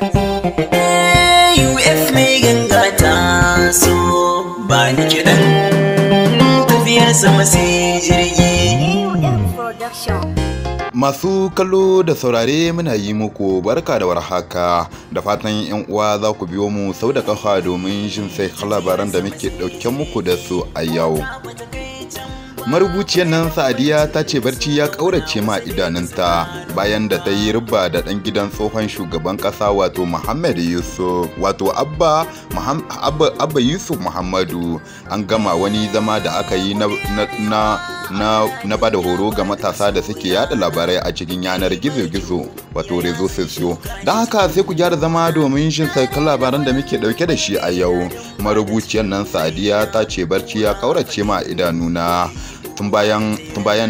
Eh, ganga Masu kallo da saurare muna yi muku barka da warhaka da fatan yan uwa za ku biyo mu sau da kafa domin jin sai labaran da muke ɗauke muku da su a yau. marubuciyar nan sa'adiya ta ce barci ya ƙaurace ma idanunta bayan da ta yi riba da ɗan gidan tsohon shugaban ƙasa wato muhammad yusuf wato abba, yusuf muhammadu an gama wani zama da aka yi na, na, ba da horo ga matasa da suke yada labarai a cikin yanar gizo-gizo wato rezo sosio don haka sai ku gyara zama domin shin saikar labaran da muke ɗauke da shi a yau marubuciyar nan sadiya ta ce barci ya ƙaurace ma idanuna tun bayan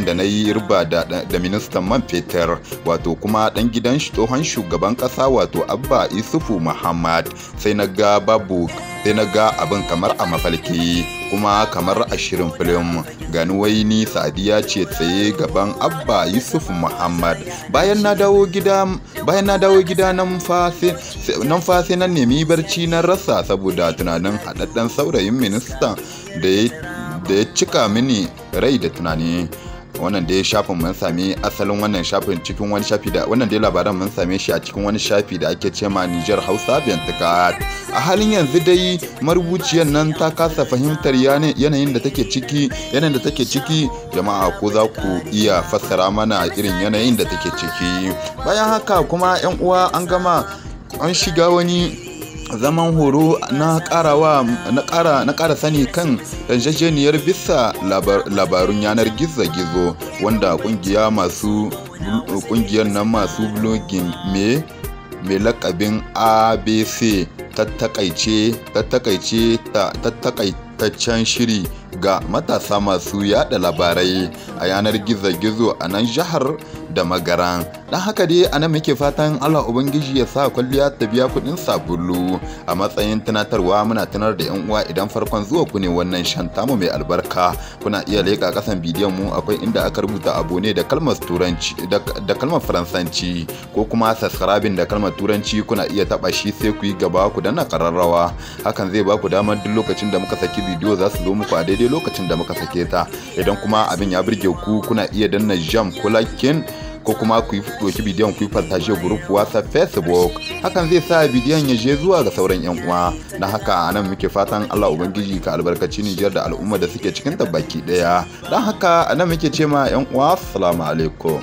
da na yi riba da, ministan man fetur wato kuma dan gidan tsohon shugaban kasa wato abba isufu muhammad sai na ga babu sai na ga abin kamar a mafalki kuma kamar a shirin filim gani wai ni sadiya ce tsaye gaban abba yusuf muhammad bayan na dawo gida bayan na dawo nan na nemi barci na rasa saboda tunanin haɗaɗɗen saurayin ministan da ya da ya cika mini rai da tunani wannan dai shafin mun sami asalin wannan shafin cikin wani shafi da wannan dai labaran mun same shi a cikin wani shafi da ake ce ma Niger Hausa Bentikad a halin yanzu dai marubuciyar nan ta kasa fahimtar yanayin da take ciki yanayin da take ciki jama'a ko za ku iya fassara mana irin yanayin da take ciki bayan haka kuma yan uwa an gama an shiga wani zaman horo na ƙara sani kan yarjejeniyar bisa labarun yanar gizo-gizo wanda kungiyar ƙungiyar nan masu blogin mai lakabin abc ta tattakaitaccen shiri ga matasa masu yada labarai a yanar gizo-gizo a nan jihar da magaran dan haka dai a nan muke fatan allah ubangiji ya sa kwalliya ta biya kuɗin sabulu a matsayin tunatarwa muna tunar da yan uwa idan farkon zuwa ku ne wannan shan tamu mai albarka kuna iya leƙa ƙasan bidiyon mu akwai inda aka rubuta abu ne da kalmar turanci da kalmar faransanci ko kuma subscribing da kalmar turanci kuna iya taba shi sai ku yi gaba ku danna ƙararrawa hakan zai ba ku damar duk lokacin da muka saki bidiyo za su zo muku a daidai lokacin da muka sake ta idan kuma abin ya burge ku kuna iya danna jam ko like ko kuma ku yi ɗauki bidiyon ku yi fasashe group whatsapp facebook hakan zai sa bidiyon ya je zuwa ga sauran yan uwa na haka anan muke fatan allah ubangiji ka albarkaci nijar da al'umma da suke cikin baki ɗaya dan haka anan muke ce ma yan uwa assalamu alaikum